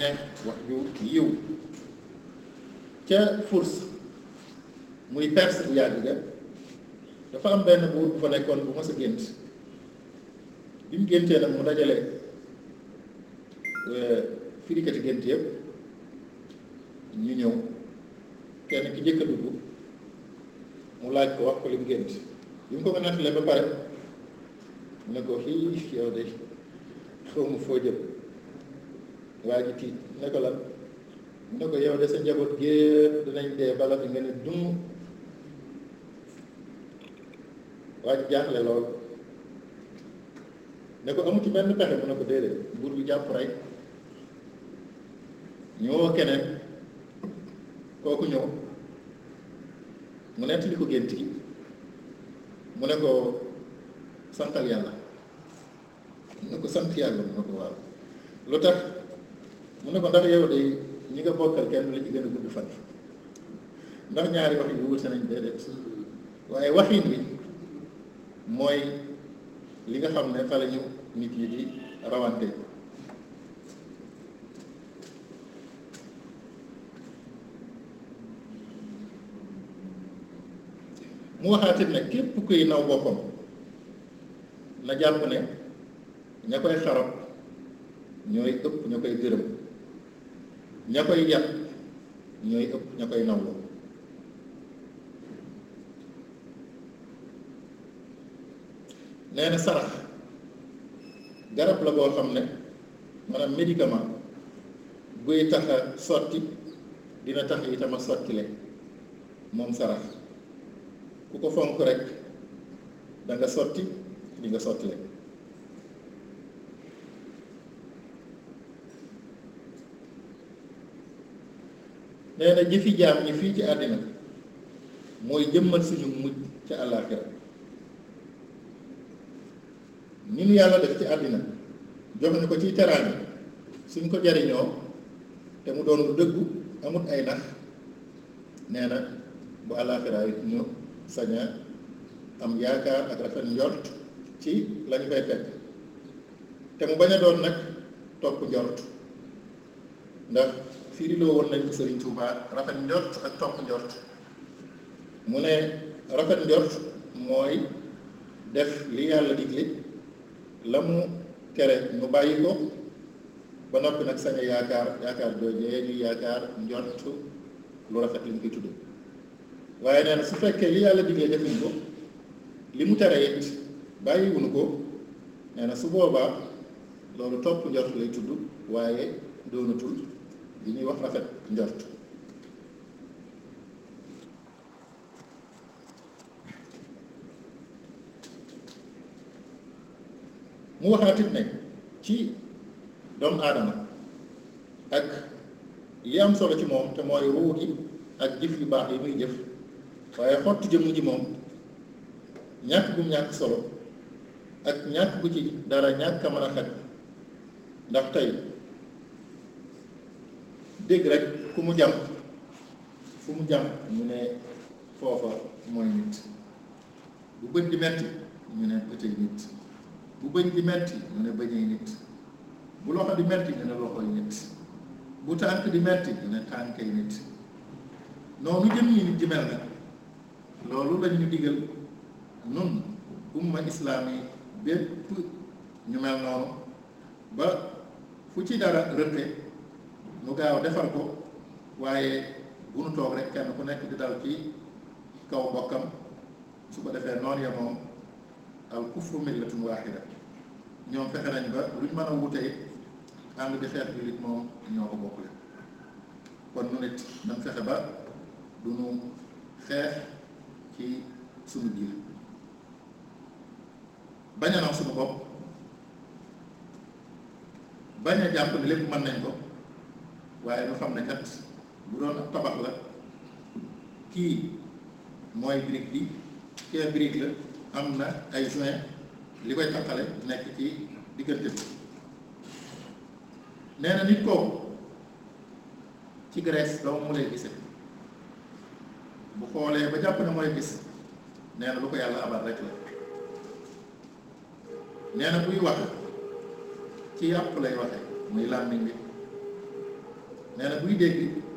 wax ju yiw ca Furs muy Perse bu yàgg ga dafa am benn buur bu fa nekkoon bu mas a gént bi mu géntee nag mu dajale euh, firikati gént yëpp ñu ñëw kenn ki njëkk dugg mu laaj ko wax ko li gént bi mu ko ko nettalee ba pare mu ne ko fii yow de xaw ma foo jëm waa ji tiit ne ko lan ne ko yow de sa njaboot gépp dinañ dee bala fi nga ne dum waa ji jaaxle lool ne ko amu ci benn ne ko déedéet buur bi rek ñu woo keneen kooku ñëw mu nettali ko gént gi mu ne koo santal yàlla mu ne ko sant yàlla ne ko waaw lu mu ne ko ndax yow de ñi nga bokkal kenn la ci gën a gudd fan ndax ñaari wax yi wute waaye waxin wi mooy li nga xam ne fa la ñu nit ñi di rawante mu waxaatit ne képp kuy naw boppam na jàpp ne ña koy xarab ñooy ëpp ña koy gërëm ña koy yàq ñooy ëpp ña koy nawlu nee sarax garab la boo xam ne maanaam médicament buy tax a sotti dina tax itam a sotti moom sarax ku ko fonk rek da sotti di nga sotti nee na jëfi jaam ñi fii ci àddina mooy jëmmal suñu mujj ca àllaaxira ni ñu yàlla def ci àddina jox ñu ko ci teraanga suñ ko jariñoo te mu doon lu dëggu amut ay nax nee na bu àllaaxira ñu sañ a am yaakaar ak rafet njort ci lañ koy fekk te mu bañ a doon nag topp njort ndax firiloo woon nañ ko Serigne Touba rafet njort ak topp njort mu ne rafet njort mooy def li yàlla digle la mu tere ñu bàyyi ko ba noppi nag sañ a yaakaar yaakaar joojee ñuy yaakaar njort lu rafet lañ koy tudd waaye nee na su fekkee li yàlla digle defuñ ko li mu tere it bàyyiwuñu ko nee na su boobaa loolu topp njort lay tudd waaye doonatul li ñuy wax rafet njort mu waxaatit ne ci doomu aadama ak li am solo ci moom te mooy ruu gi ak jëf yu baax yi muy jëf waaye xott jëmm ji moom ñàkk bu ñàkk solo ak ñàkk bu ci dara ñàkk a mën a xet ndax tey dégg rek ku mu jam fu mu jam mu ne foofa mooy nit bu bëñ di metti mu ne bëtëy nit bu bëñ di metti ñu ne bëñëy nit bu loxo di metti ñu ne nit bu tànk di metti ñu ne tànkay nit noonu jëm yi nit di mel nag loolu lañu digal nun umma islaam bépp ñu mel noonu ba fu ci dara rëtte nu gaaw defar ko waaye bu nu toog rek kenn ku nekk di dal ci kaw mbokkam su ko defee noon ya moom al kufru millatun waahida ñoom fexe nañ ba luñ mën a wute it ànd xeex jullit moom ñoo ko bokkule kon nu nit nañ fexe ba du nu xeex ci sunu biir bañ a naw sunu bopp jàpp ne lépp mën nañ ko waaye nu xam ne kat bu doon ab tabax la kii mooy brique bi kee brique la am na ay joint li koy takkale nekk ci diggante bi neena na nit kooku ci Grèce doomu mu lay gise bu xoolee ba jàpp ne mooy gis nee na lu ko yàlla abal rek la nee na buy wax ci yàpp lay waxe muy làmmiñ bi nee na buy dégg